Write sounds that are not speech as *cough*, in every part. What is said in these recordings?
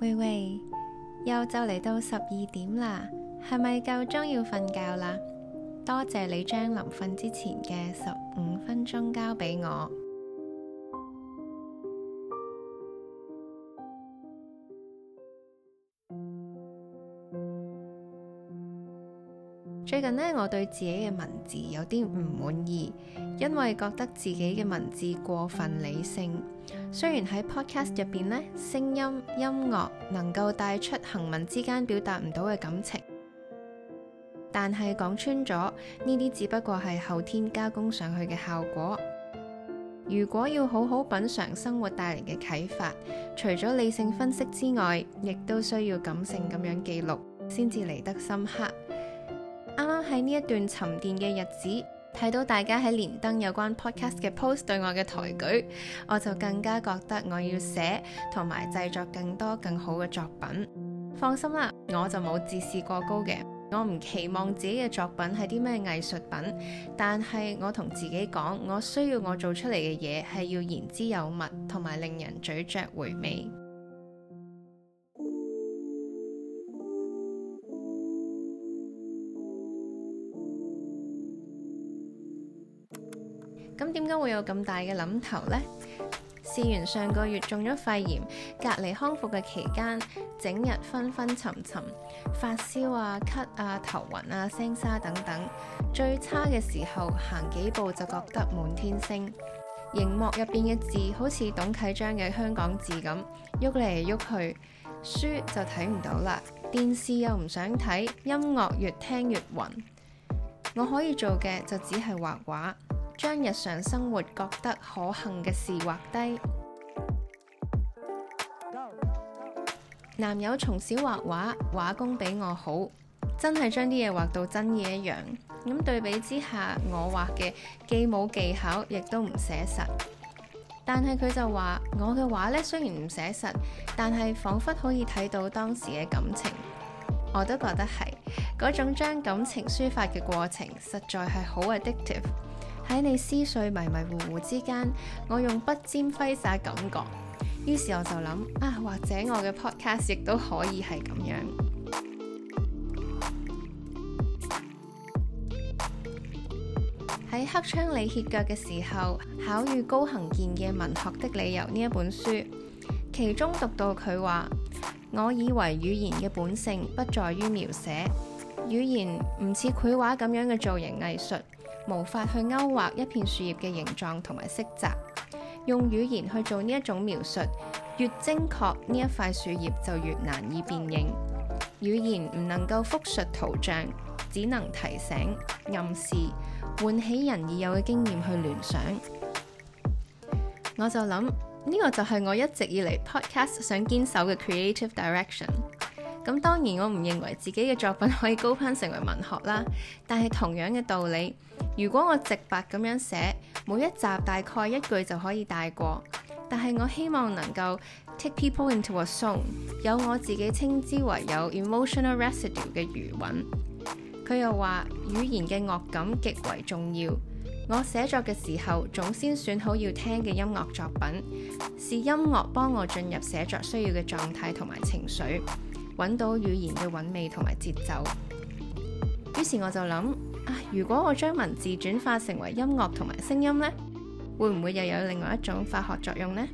喂喂，又就嚟到十二點啦，係咪夠鐘要瞓覺啦？多謝你將臨瞓之前嘅十五分鐘交俾我。最近呢，我對自己嘅文字有啲唔滿意，因為覺得自己嘅文字過分理性。雖然喺 podcast 入邊咧，聲音、音樂能夠帶出行文之間表達唔到嘅感情，但係講穿咗呢啲只不過係後天加工上去嘅效果。如果要好好品嘗生活帶嚟嘅啟發，除咗理性分析之外，亦都需要感性咁樣記錄，先至嚟得深刻。啱啱喺呢一段沉澱嘅日子。睇到大家喺連登有關 podcast 嘅 post 對我嘅抬舉，我就更加覺得我要寫同埋製作更多更好嘅作品。放心啦，我就冇自視過高嘅，我唔期望自己嘅作品係啲咩藝術品，但係我同自己講，我需要我做出嚟嘅嘢係要言之有物，同埋令人咀嚼回味。咁點解會有咁大嘅諗頭呢？試完上個月中咗肺炎，隔離康復嘅期間，整日昏昏沉沉，發燒啊、咳啊、頭暈啊、聲沙等等。最差嘅時候，行幾步就覺得滿天星，熒幕入邊嘅字好似董啟章嘅香港字咁，喐嚟喐去，書就睇唔到啦。電視又唔想睇，音樂越聽越暈。我可以做嘅就只係畫畫。將日常生活覺得可幸嘅事畫低。男友從小畫畫，畫工比我好，真係將啲嘢畫到真嘢一樣。咁對比之下，我畫嘅既冇技巧，亦都唔寫實。但係佢就話我嘅畫呢，雖然唔寫實，但係仿佛可以睇到當時嘅感情。我都覺得係嗰種將感情抒發嘅過程，實在係好 addictive。喺你思緒迷迷糊糊之間，我用筆尖揮灑感覺。於是我就諗啊，或者我嘅 podcast 亦都可以係咁樣。喺黑窗裏歇腳嘅時候，考慮高行健嘅《文學的理由》呢一本書，其中讀到佢話：我以為語言嘅本性不在於描寫，語言唔似繪畫咁樣嘅造型藝術。無法去勾畫一片樹葉嘅形狀同埋色澤，用語言去做呢一種描述，越精確，呢一塊樹葉就越難以辨認。語言唔能夠複述圖像，只能提醒、暗示、喚起人已有嘅經驗去聯想。我就諗，呢個就係我一直以嚟 podcast 想堅守嘅 creative direction。咁當然，我唔認為自己嘅作品可以高攀成為文學啦。但係同樣嘅道理，如果我直白咁樣寫，每一集大概一句就可以帶過。但係我希望能夠 take people into a song，有我自己稱之為有 emotional residue 嘅餘韻。佢又話語言嘅樂感極為重要。我寫作嘅時候總先選好要聽嘅音樂作品，是音樂幫我進入寫作需要嘅狀態同埋情緒。揾到語言嘅韻味同埋節奏，於是我就諗，啊，如果我將文字轉化成為音樂同埋聲音呢，會唔會又有另外一種化學作用呢？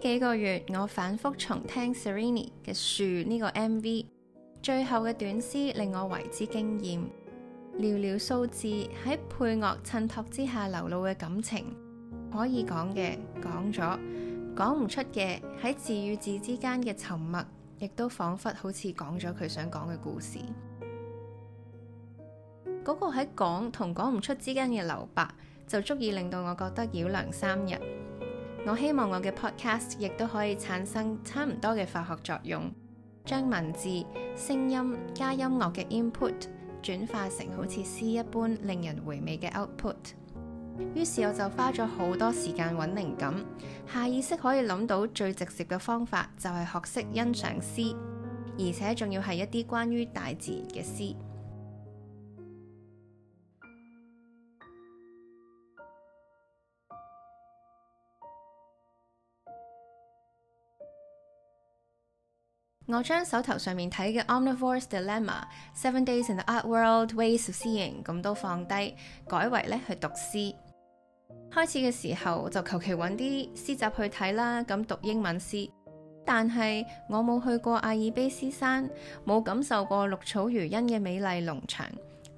幾個月，我反覆重聽 Serini 嘅《樹》呢個 MV，最後嘅短詩令我為之驚艷。寥寥數字喺配樂襯托之下流露嘅感情，可以講嘅講咗，講唔出嘅喺字與字之間嘅沉默，亦都仿佛好似講咗佢想講嘅故事。嗰個喺講同講唔出之間嘅留白，就足以令到我覺得繞梁三日。我希望我嘅 podcast 亦都可以產生差唔多嘅化學作用，將文字、聲音加音樂嘅 input 轉化成好似詩一般令人回味嘅 output。於是我就花咗好多時間揾靈感，下意識可以諗到最直接嘅方法就係學識欣賞詩，而且仲要係一啲關於大自然嘅詩。我將手頭上面睇嘅《Omnivore's Dilemma》、《Seven Days in the Art World》、《Ways of Seeing》咁都放低，改為咧去讀詩。開始嘅時候就求其揾啲詩集去睇啦，咁讀英文詩。但係我冇去過阿爾卑斯山，冇感受過綠草如茵嘅美麗農場，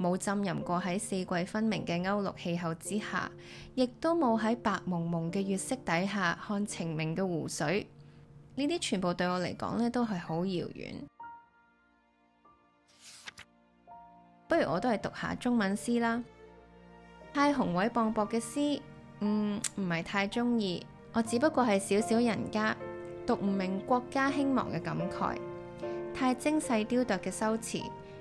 冇浸淫過喺四季分明嘅歐陸氣候之下，亦都冇喺白蒙蒙嘅月色底下看澄明嘅湖水。呢啲全部對我嚟講咧都係好遙遠，不如我都係讀下中文詩啦。太宏偉磅礴嘅詩，嗯，唔係太中意。我只不過係少少人家，讀唔明國家興亡嘅感慨。太精細雕琢嘅修辭，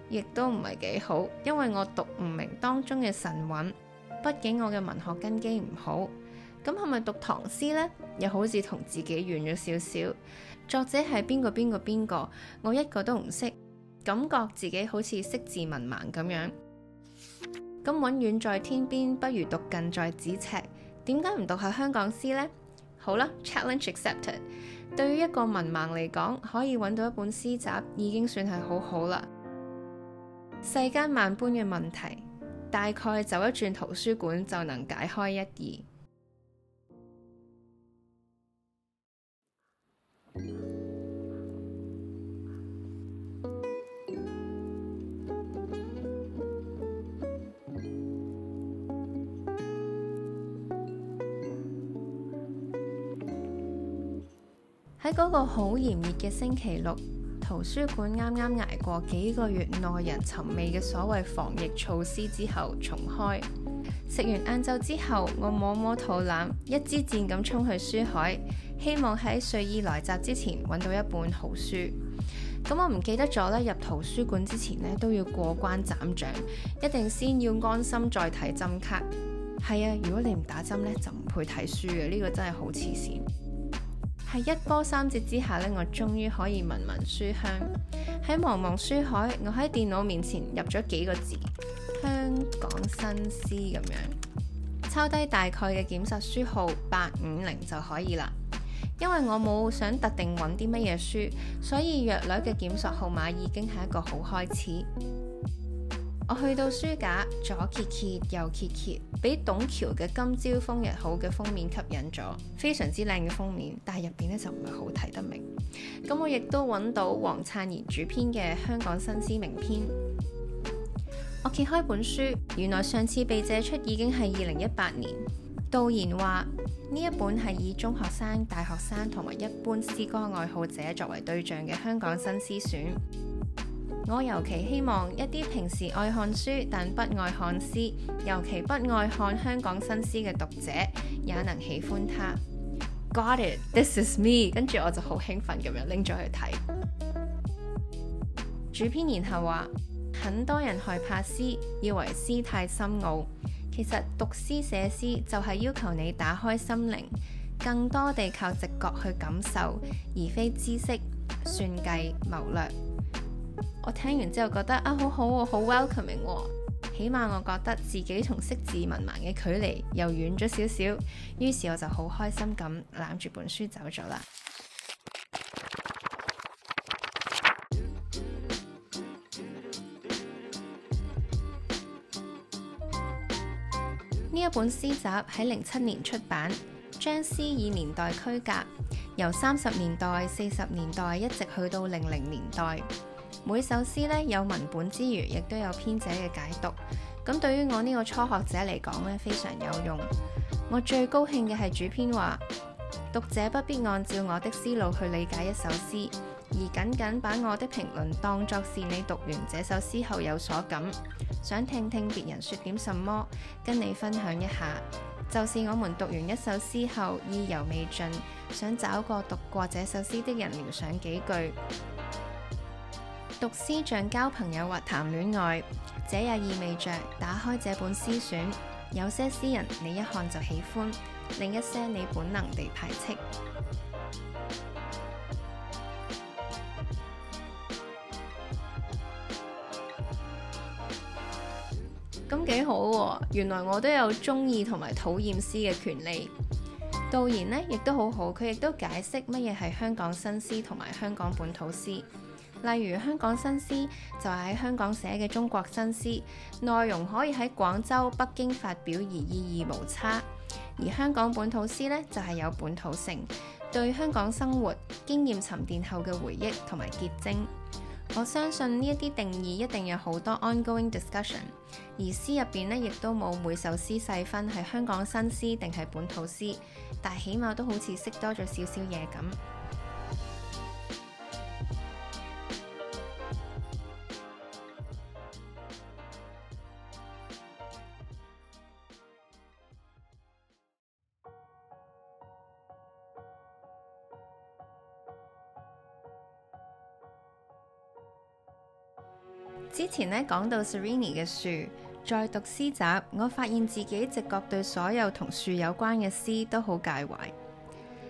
亦都唔係幾好，因為我讀唔明當中嘅神韻。畢竟我嘅文學根基唔好。咁係咪讀唐詩呢？又好似同自己遠咗少少。作者係邊個？邊個？邊個？我一個都唔識，感覺自己好似識字文盲咁樣。咁搵、嗯嗯、遠在天邊，不如讀近在咫尺。點解唔讀下香港詩呢？好啦，challenge accepted。對於一個文盲嚟講，可以揾到一本詩集已經算係好好啦。世間萬般嘅問題，大概走一轉圖書館就能解開一二。喺嗰個好炎熱嘅星期六，圖書館啱啱捱過幾個月耐人尋味嘅所謂防疫措施之後重開。食完晏晝之後，我摸摸肚腩，一支箭咁衝去書海，希望喺睡意來襲之前搵到一本好書。咁、嗯、我唔記得咗咧，入圖書館之前咧都要過關斬將，一定先要安心再睇針卡。係啊，如果你唔打針呢，就唔配睇書嘅，呢、呢個真係好黐線。係一波三折之下呢，我終於可以聞聞書香。喺茫茫書海，我喺電腦面前入咗幾個字，香港新詩咁樣，抄低大概嘅檢索書號八五零就可以啦。因為我冇想特定揾啲乜嘢書，所以約略嘅檢索號碼已經係一個好開始。我去到書架，左揭揭，右揭揭，俾董橋嘅《今朝風日好》嘅封面吸引咗，非常之靚嘅封面，但係入邊呢就唔係好睇得明。咁我亦都揾到黃燦賢主編嘅《香港新詩名篇》。我揭開本書，原來上次被借出已經係二零一八年。導言話呢一本係以中學生、大學生同埋一般詩歌愛好者作為對象嘅香港新詩選。我尤其希望一啲平時愛看書但不愛看詩，尤其不愛看香港新詩嘅讀者，也能喜歡它。Got it, this is me。跟住我就好興奮咁樣拎咗去睇。主編然後話，很多人害怕詩，以為詩太深奧。其實讀詩寫詩就係要求你打開心靈，更多地靠直覺去感受，而非知識算計謀略。我聽完之後覺得啊，好好、哦，我好 welcoming，哦，起碼我覺得自己同識字文盲嘅距離又遠咗少少。於是我就好開心咁攬住本書走咗啦。呢 *music* 一本詩集喺零七年出版，將詩以年代區隔，由三十年代、四十年代一直去到零零年代。每首詩呢有文本之餘，亦都有編者嘅解讀。咁對於我呢個初學者嚟講呢，非常有用。我最高興嘅係主編話：讀者不必按照我的思路去理解一首詩，而僅僅把我的評論當作是你讀完這首詩後有所感，想聽聽別人說點什麼，跟你分享一下。就是我們讀完一首詩後意猶未盡，想找個讀過這首詩的人聊上幾句。讀詩像交朋友或談戀愛，這也意味著打開這本詩選，有些詩人你一看就喜歡，另一些你本能地排斥。咁幾、 *noise* 嗯、好喎、啊！原來我都有中意同埋討厭詩嘅權利。導言呢亦都好好，佢亦都解釋乜嘢係香港新詩同埋香港本土詩。例如香港新詩就係喺香港寫嘅中國新詩，內容可以喺廣州、北京發表而意義無差；而香港本土詩呢，就係有本土性，對香港生活經驗沉澱後嘅回憶同埋結晶。我相信呢一啲定義一定有好多 ongoing discussion。而詩入邊呢，亦都冇每首詩細分係香港新詩定係本土詩，但起碼都好似識多咗少少嘢咁。前呢講到 Serini 嘅樹，再讀詩集，我發現自己直覺對所有同樹有關嘅詩都好介懷。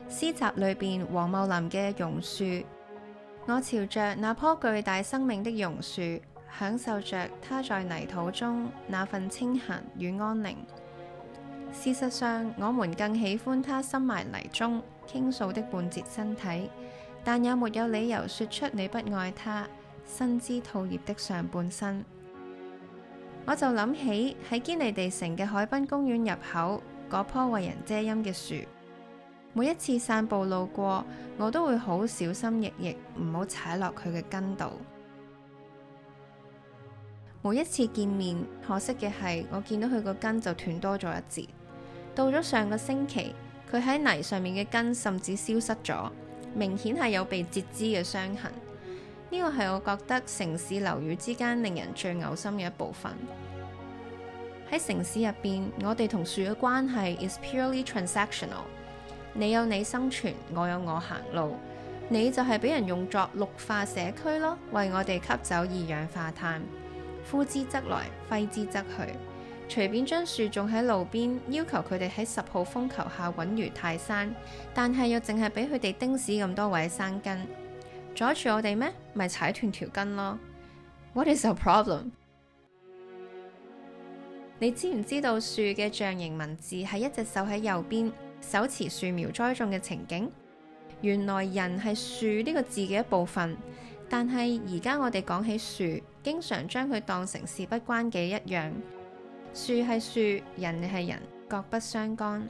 詩集裏邊黃茂林嘅榕樹，我朝着那棵巨大生命的榕樹，享受着它在泥土中那份清閒與安寧。事實上，我們更喜歡它深埋泥中傾訴的半截身體，但也沒有理由說出你不愛它。新枝吐葉的上半身，我就諗起喺堅尼地城嘅海濱公園入口嗰棵為人遮陰嘅樹。每一次散步路過，我都會好小心翼翼，唔好踩落佢嘅根度。每一次見面，可惜嘅係我見到佢個根就斷多咗一截。到咗上個星期，佢喺泥上面嘅根甚至消失咗，明顯係有被截肢嘅傷痕。呢個係我覺得城市樓宇之間令人最嘔心嘅一部分。喺城市入邊，我哋同樹嘅關係 is purely transactional。你有你生存，我有我行路，你就係俾人用作綠化社區咯，為我哋吸走二氧化碳。呼之則來，揮之則去。隨便將樹種喺路邊，要求佢哋喺十號風球下穩如泰山，但係又淨係俾佢哋釘屎咁多位生根。阻住我哋咩？咪踩斷條筋咯！What is our problem？你知唔知道樹嘅象形文字係一隻手喺右邊手持樹苗栽種嘅情景？原來人係樹呢個字嘅一部分，但係而家我哋講起樹，經常將佢當成事不關己一樣。樹係樹，人係人，各不相干。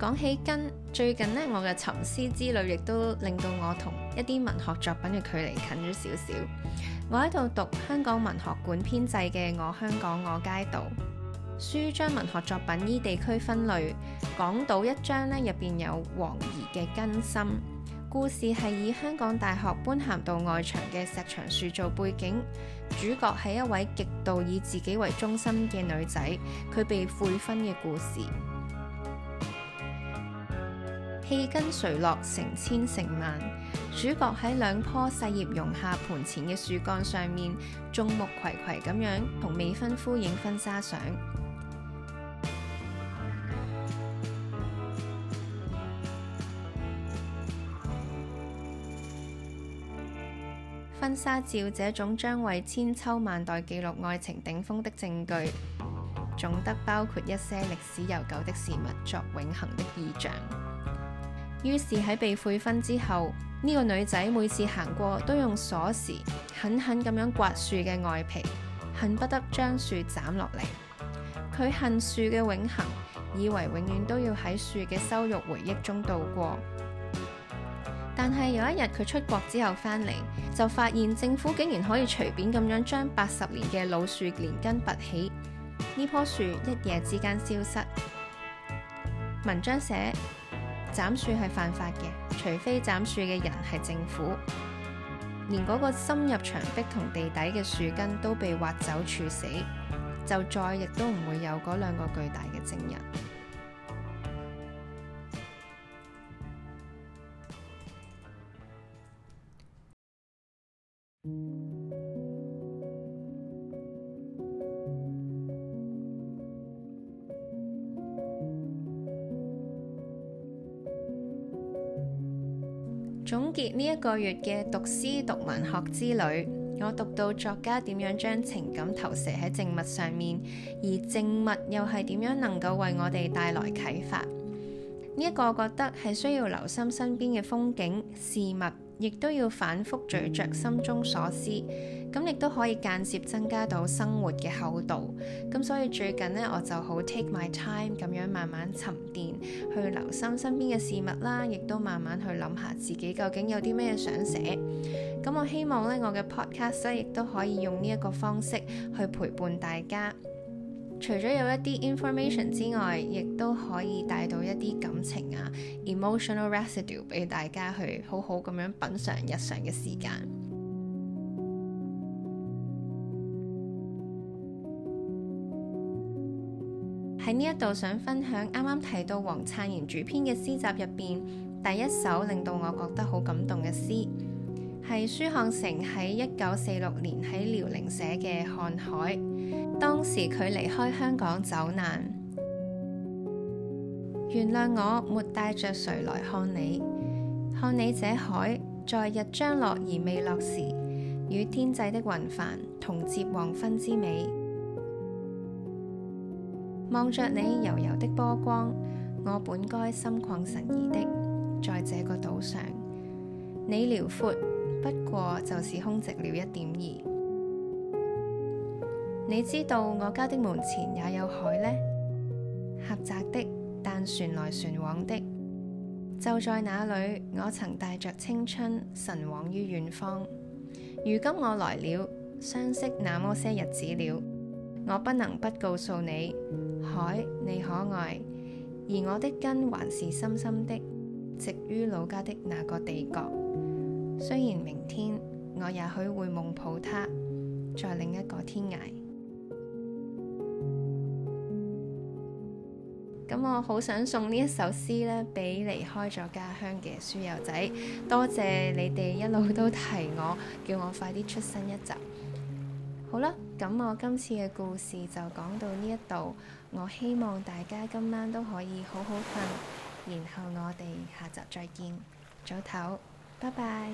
講起根，最近呢，我嘅沉思之旅亦都令到我同一啲文學作品嘅距離近咗少少。我喺度讀香港文學館編製嘅《我香港我街道》書，將文學作品依地區分類。港島一章呢，入邊有黃怡嘅《根深》，故事係以香港大學般咸道外牆嘅石牆樹做背景，主角係一位極度以自己為中心嘅女仔，佢被悔婚嘅故事。氣根垂落成千成萬，主角喺兩棵細葉榕下盤前嘅樹幹上面，眾目睽睽咁樣同未婚夫影婚紗相。婚紗照這種將為千秋萬代記錄愛情頂峰的證據，總得包括一些歷史悠久的事物作永恒的意象。於是喺被悔婚之後，呢、這個女仔每次行過都用鎖匙狠狠咁樣刮樹嘅外皮，恨不得將樹斬落嚟。佢恨樹嘅永恆，以為永遠都要喺樹嘅羞辱回憶中度過。但係有一日佢出國之後返嚟，就發現政府竟然可以隨便咁樣將八十年嘅老樹連根拔起，呢棵樹一夜之間消失。文章寫。斬樹係犯法嘅，除非斬樹嘅人係政府。連嗰個深入牆壁同地底嘅樹根都被挖走處死，就再亦都唔會有嗰兩個巨大嘅證人。總結呢一個月嘅讀詩讀文學之旅，我讀到作家點樣將情感投射喺靜物上面，而靜物又係點樣能夠為我哋帶來啟發。呢個我覺得係需要留心身邊嘅風景、事物，亦都要反覆咀嚼心中所思。咁亦都可以間接增加到生活嘅厚度，咁所以最近呢，我就好 take my time 咁樣慢慢沉澱，去留心身邊嘅事物啦，亦都慢慢去諗下自己究竟有啲咩想寫。咁我希望呢，我嘅 podcast 咧亦都可以用呢一個方式去陪伴大家，除咗有一啲 information 之外，亦都可以帶到一啲感情啊 emotional residue 俾大家去好好咁樣品嚐日常嘅時間。喺呢一度想分享啱啱提到黃燦然主編嘅詩集入邊第一首令到我覺得好感動嘅詩，係舒漢成喺一九四六年喺遼寧寫嘅《看海》。當時佢離開香港走難，原諒我沒帶着誰來看你，看你這海在日將落而未落時，與天際的雲帆同接黃昏之美。望着你柔柔的波光，我本該心曠神怡的，在這個島上，你遼闊不過，就是空寂了一點。你知道我家的門前也有海呢，狹窄的，但船來船往的就在那裏。我曾帶着青春神往於遠方，如今我來了，相識那麼些日子了，我不能不告訴你。海，你可愛，而我的根還是深深的植於老家的那個地角。雖然明天我也許會夢抱他，在另一個天涯。咁 *music* 我好想送呢一首詩咧，俾離開咗家鄉嘅書友仔。多謝你哋一路都提我，叫我快啲出新一集。好啦。咁我今次嘅故事就講到呢一度，我希望大家今晚都可以好好瞓，然後我哋下集再見，早唞，拜拜。